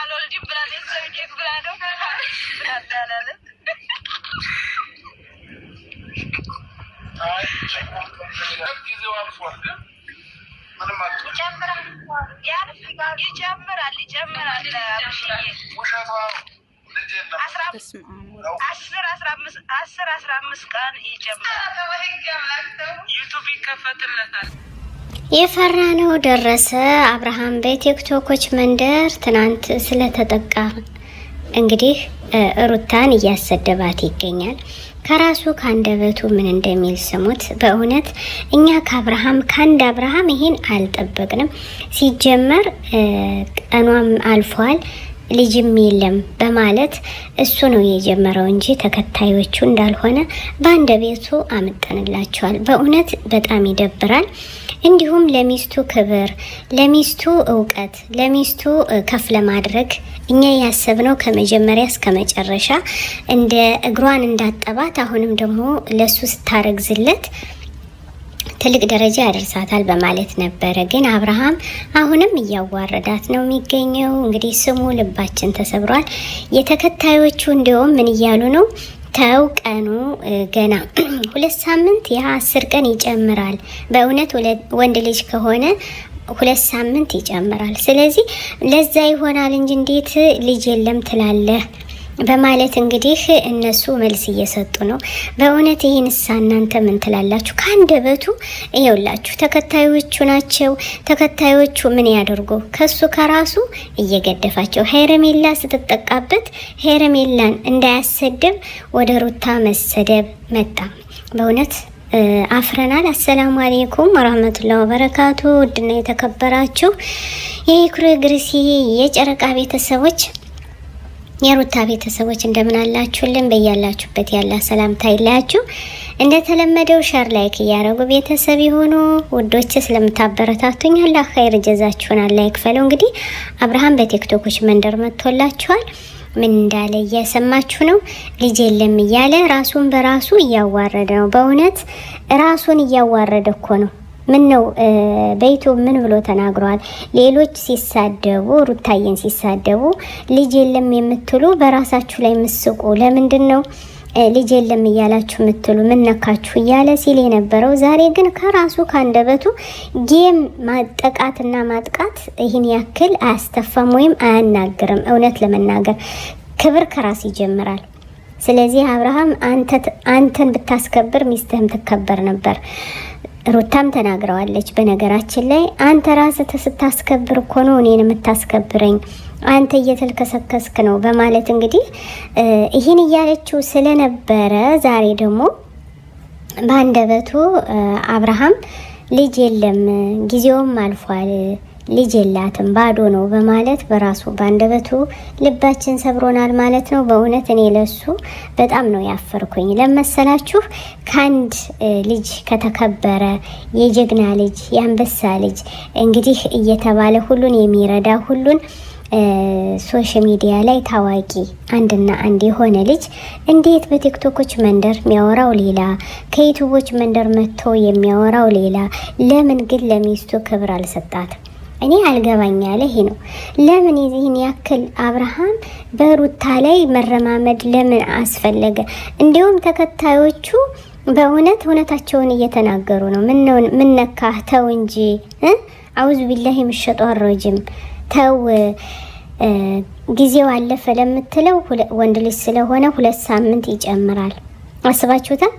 አልወልድም ብላ ሰውዬት ብላ ነው ያዳላለን አስር አስራ አምስት ቀን ይጨምራል። ዩቱብ ይከፈትለታል። የፈራነው ደረሰ። አብርሃም በቲክቶኮች መንደር ትናንት ስለተጠቃ እንግዲህ ሩታን እያሰደባት ይገኛል። ከራሱ ከአንደበቱ ምን እንደሚል ስሙት። በእውነት እኛ ከአብርሃም ከአንድ አብርሃም ይሄን አልጠበቅንም። ሲጀመር ቀኗም አልፏል ልጅም የለም በማለት እሱ ነው የጀመረው እንጂ ተከታዮቹ እንዳልሆነ በአንደበቱ አምጠንላቸዋል። በእውነት በጣም ይደብራል። እንዲሁም ለሚስቱ ክብር፣ ለሚስቱ እውቀት፣ ለሚስቱ ከፍ ለማድረግ እኛ ያሰብነው ከመጀመሪያ እስከ መጨረሻ እንደ እግሯን እንዳጠባት አሁንም ደግሞ ለሱ ስታረግዝለት ትልቅ ደረጃ ያደርሳታል በማለት ነበረ። ግን አብርሃም አሁንም እያዋረዳት ነው የሚገኘው። እንግዲህ ስሙ ልባችን ተሰብሯል። የተከታዮቹ እንዲሁም ምን እያሉ ነው? ተው ቀኑ ገና ሁለት ሳምንት ያ አስር ቀን ይጨምራል። በእውነት ወንድ ልጅ ከሆነ ሁለት ሳምንት ይጨምራል። ስለዚህ ለዛ ይሆናል እንጂ እንዴት ልጅ የለም ትላለህ? በማለት እንግዲህ እነሱ መልስ እየሰጡ ነው። በእውነት ሳ እናንተ ምን ትላላችሁ? ከአንደበቱ እየውላችሁ ተከታዮቹ ናቸው። ተከታዮቹ ምን ያደርጉ? ከሱ ከራሱ እየገደፋቸው ሄረሜላ ስትጠቃበት ሄረሜላን እንዳያሰድብ ወደ ሩታ መሰደብ መጣ። በእውነት አፍረናል። አሰላሙ አሌይኩም ወራህመቱላ ወበረካቱ። ውድና የተከበራችሁ የኢኩሬ የጨረቃ ቤተሰቦች የሩታ ቤተሰቦች እንደምን አላችሁልን? በያላችሁበት ያለ ሰላምታ ይለያችሁ። እንደተለመደው ሸር ላይክ እያደረጉ ቤተሰብ የሆኑ ውዶች ስለምታበረታቱኝ አላህ ኸይር ጀዛችሁን አላህ ይክፈለው። እንግዲህ አብርሃም በቲክቶኮች መንደር መጥቶላችኋል። ምን እንዳለ እያሰማችሁ ነው። ልጅ የለም እያለ ራሱን በራሱ እያዋረደ ነው። በእውነት ራሱን እያዋረደ እኮ ነው። ምን ነው በዩቱብ ምን ብሎ ተናግሯል? ሌሎች ሲሳደቡ ሩታዬን ሲሳደቡ ልጅ የለም የምትሉ በራሳችሁ ላይ ምስቁ። ለምንድን ነው ልጅ የለም እያላችሁ የምትሉ ምን ነካችሁ እያለ ሲል የነበረው ዛሬ ግን ከራሱ ከአንደበቱ ጌም ማጠቃትና ማጥቃት ይህን ያክል አያስተፋም ወይም አያናግርም። እውነት ለመናገር ክብር ከራስ ይጀምራል። ስለዚህ አብርሃም አንተን ብታስከብር ሚስትህም ትከበር ነበር። ሩታም ተናግረዋለች። በነገራችን ላይ አንተ ራስህ ስታስከብር እኮ ነው እኔን የምታስከብረኝ አንተ እየተልከሰከስክ ነው በማለት እንግዲህ ይህን እያለችው ስለነበረ ዛሬ ደግሞ በአንደበቱ አብርሃም ልጅ የለም ጊዜውም አልፏል ልጅ የላትም ባዶ ነው በማለት በራሱ በአንደበቱ ልባችን ሰብሮናል ማለት ነው። በእውነት እኔ ለሱ በጣም ነው ያፈርኩኝ። ለመሰላችሁ ከአንድ ልጅ ከተከበረ የጀግና ልጅ የአንበሳ ልጅ እንግዲህ እየተባለ ሁሉን የሚረዳ ሁሉን ሶሻል ሚዲያ ላይ ታዋቂ አንድና አንድ የሆነ ልጅ እንዴት በቲክቶኮች መንደር የሚያወራው ሌላ፣ ከዩቱቦች መንደር መጥቶ የሚያወራው ሌላ። ለምን ግን ለሚስቱ ክብር አልሰጣትም? እኔ አልገባኝ ያለ ይሄ ነው። ለምን ይህን ያክል አብርሃም በሩታ ላይ መረማመድ ለምን አስፈለገ? እንዲሁም ተከታዮቹ በእውነት እውነታቸውን እየተናገሩ ነው። ምን ተው እንጂ አውዙ ቢላህ የምሸጦ አረጅም ተው ጊዜው አለፈ ለምትለው ወንድ ልጅ ስለሆነ ሁለት ሳምንት ይጨምራል። አስባችሁታል?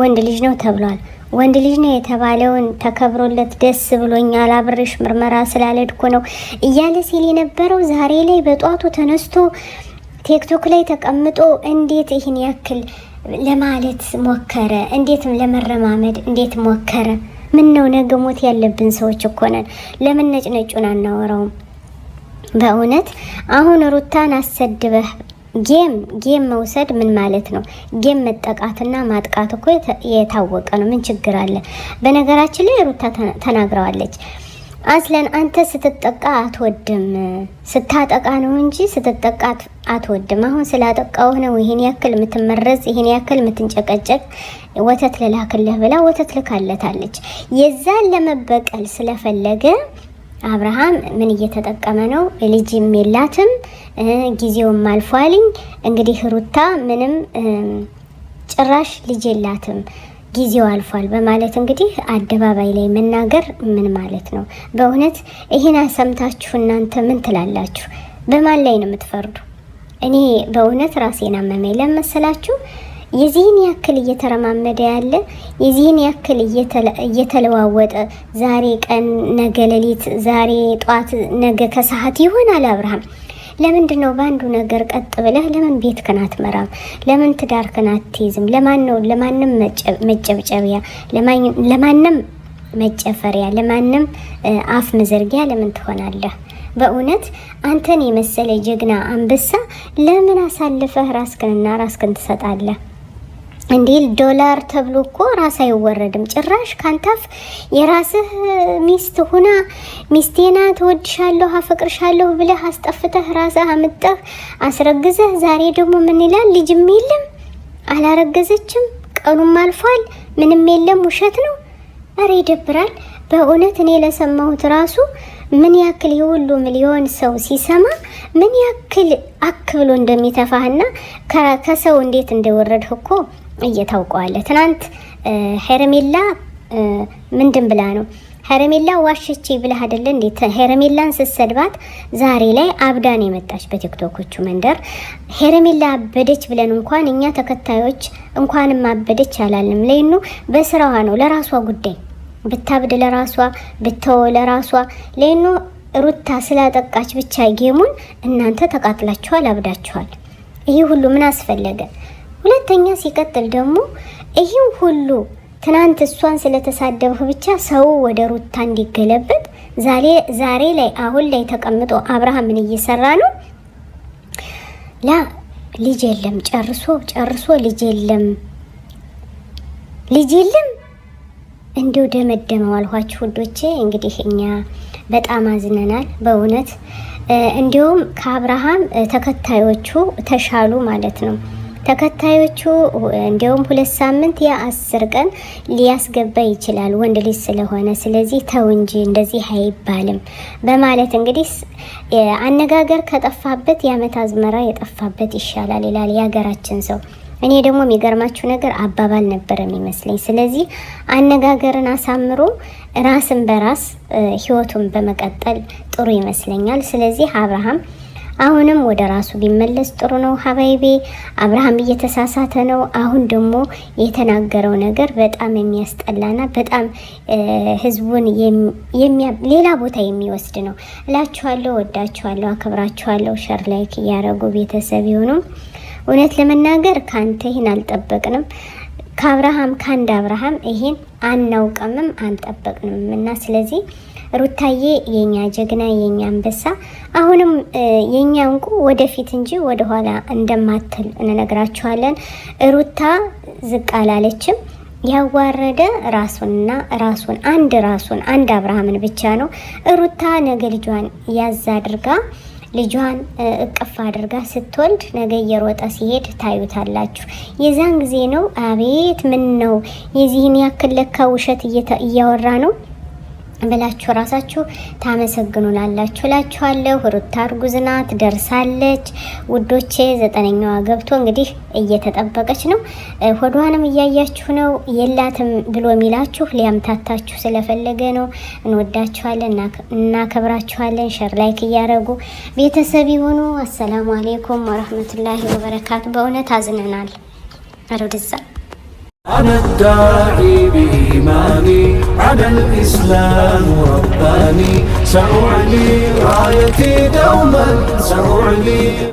ወንድ ልጅ ነው ተብሏል። ወንድ ልጅ ነው የተባለውን ተከብሮለት ደስ ብሎኛል፣ አብሬሽ ምርመራ ስላልሄድኩ ነው እያለ ሲል የነበረው ዛሬ ላይ በጧቱ ተነስቶ ቲክቶክ ላይ ተቀምጦ እንዴት ይህን ያክል ለማለት ሞከረ? እንዴትም ለመረማመድ እንዴት ሞከረ? ምን ነው ነገ ሞት ያለብን ሰዎች እኮ ነን። ለምን ነጭ ነጩን አናወራውም? በእውነት አሁን ሩታን አሰድበህ ጌም ጌም መውሰድ ምን ማለት ነው? ጌም መጠቃትና ማጥቃት እኮ የታወቀ ነው። ምን ችግር አለ? በነገራችን ላይ ሩታ ተናግረዋለች። አስለን አንተ ስትጠቃ አትወድም፣ ስታጠቃ ነው እንጂ ስትጠቃ አትወድም። አሁን ስላጠቃውህ ነው ይህን ያክል የምትመረዝ፣ ይህን ያክል የምትንጨቀጨቅ ወተት ልላክልህ ብላ ወተት ልካለታለች። የዛን ለመበቀል ስለፈለገ አብርሃም ምን እየተጠቀመ ነው? ልጅም የላትም ጊዜውም አልፏልኝ። እንግዲህ ሩታ ምንም ጭራሽ ልጅ የላትም ጊዜው አልፏል በማለት እንግዲህ አደባባይ ላይ መናገር ምን ማለት ነው? በእውነት ይህን ሰምታችሁ እናንተ ምን ትላላችሁ? በማን ላይ ነው የምትፈርዱ? እኔ በእውነት ራሴን አመመኝ ለመሰላችሁ የዚህን ያክል እየተረማመደ ያለ የዚህን ያክል እየተለዋወጠ ዛሬ ቀን ነገ ሌሊት፣ ዛሬ ጧት ነገ ከሰዓት ይሆናል አብርሃም ለምንድን ነው በአንዱ ነገር ቀጥ ብለህ ለምን ቤት ከናት መራም ለምን ትዳር ከናት ትይዝም? ለማን ነው ለማንም መጨብጨቢያ ለማንም መጨፈሪያ ለማንም አፍ መዘርጊያ ለምን ትሆናለህ? በእውነት አንተን የመሰለ ጀግና አንበሳ ለምን አሳልፈህ ራስክንና ራስክን ትሰጣለህ? እንዲህ ዶላር ተብሎ እኮ ራስ አይወረድም። ጭራሽ ካንታፍ የራስህ ሚስት ሁና ሚስቴና ትወድሻለሁ፣ አፈቅርሻለሁ ብለህ አስጠፍተህ ራስህ አምጠህ አስረግዘህ፣ ዛሬ ደግሞ ምን ይላል? ልጅም የለም አላረገዘችም፣ ቀኑም አልፏል፣ ምንም የለም፣ ውሸት ነው። እረ ይደብራል በእውነት እኔ ለሰማሁት ራሱ ምን ያክል የሁሉ ሚሊዮን ሰው ሲሰማ ምን ያክል አክ ብሎ እንደሚተፋህና ከሰው እንዴት እንደወረድህ እኮ እየታውቀዋለ ትናንት ሄረሜላ ምንድን ብላ ነው ሄረሜላ ዋሸቼ ብለህ አይደለ እንዴት? ሄረሜላን ስትሰድባት ዛሬ ላይ አብዳን የመጣች በቲክቶኮቹ መንደር ሄረሜላ አበደች ብለን እንኳን እኛ ተከታዮች እንኳንም አበደች አላለም። ለይኑ በስራዋ ነው ለራሷ ጉዳይ ብታብድ ለራሷ ብተወ ለራሷ ለይኑ ሩታ ስላጠቃች ብቻ ጌሙን እናንተ ተቃጥላችኋል፣ አብዳችኋል። ይህ ሁሉ ምን አስፈለገ? ሁለተኛ ሲቀጥል ደግሞ ይህም ሁሉ ትናንት እሷን ስለተሳደበው ብቻ ሰው ወደ ሩታ እንዲገለበጥ ዛሬ ላይ አሁን ላይ ተቀምጦ አብርሃምን እየሰራ ነው። ላ ልጅ የለም ጨርሶ ጨርሶ ልጅ የለም ልጅ የለም። እንዲሁ ደመደመው አልኋችሁ ውዶቼ። እንግዲህ እኛ በጣም አዝነናል በእውነት እንዲሁም ከአብርሃም ተከታዮቹ ተሻሉ ማለት ነው። ተከታዮቹ እንዲያውም ሁለት ሳምንት ያ አስር ቀን ሊያስገባ ይችላል ወንድ ልጅ ስለሆነ፣ ስለዚህ ተው እንጂ እንደዚህ አይባልም በማለት እንግዲህ አነጋገር ከጠፋበት የአመት አዝመራ የጠፋበት ይሻላል ይላል የሀገራችን ሰው። እኔ ደግሞ የሚገርማችሁ ነገር አባባል ነበር የሚመስለኝ። ስለዚህ አነጋገርን አሳምሮ ራስን በራስ ህይወቱን በመቀጠል ጥሩ ይመስለኛል። ስለዚህ አብርሃም አሁንም ወደ ራሱ ቢመለስ ጥሩ ነው። ሀባይቤ አብርሃም እየተሳሳተ ነው። አሁን ደግሞ የተናገረው ነገር በጣም የሚያስጠላና በጣም ህዝቡን ሌላ ቦታ የሚወስድ ነው እላችኋለሁ። ወዳችኋለሁ፣ አከብራችኋለሁ። ሸር ላይክ እያደረጉ ቤተሰብ የሆኑ እውነት ለመናገር ከአንተ ይህን አልጠበቅንም ከአብርሃም ከአንድ አብርሃም ይህን አናውቅምም አልጠበቅንም እና ስለዚህ ሩታዬ የኛ ጀግና የኛ አንበሳ አሁንም የኛ እንቁ ወደፊት እንጂ ወደኋላ እንደማትል እንነግራችኋለን። ሩታ ዝቅ አላለችም። ያዋረደ ራሱንና ራሱን አንድ ራሱን አንድ አብርሃምን ብቻ ነው። ሩታ ነገ ልጇን ያዝ አድርጋ ልጇን እቅፍ አድርጋ ስትወልድ ነገ እየሮጠ ሲሄድ ታዩታላችሁ። የዛን ጊዜ ነው አቤት ምን ነው የዚህን ያክል ለካ ውሸት እያወራ ነው ብላችሁ ራሳችሁ ታመሰግኑላላችሁ ላችኋለሁ። ሩታ እርጉዝ ናት፣ ደርሳለች ውዶቼ። ዘጠነኛዋ ገብቶ እንግዲህ እየተጠበቀች ነው። ሆዷንም እያያችሁ ነው። የላትም ብሎ የሚላችሁ ሊያምታታችሁ ስለፈለገ ነው። እንወዳችኋለን፣ እናከብራችኋለን። ሸር ላይክ እያደረጉ ቤተሰብ የሆኑ አሰላሙ አሌይኩም ወረህመቱላሂ ወበረካቱ። በእውነት አዝነናል። አረው أنا الداعي بإيماني على الإسلام رباني سأعلي رايتي دوما سأعلي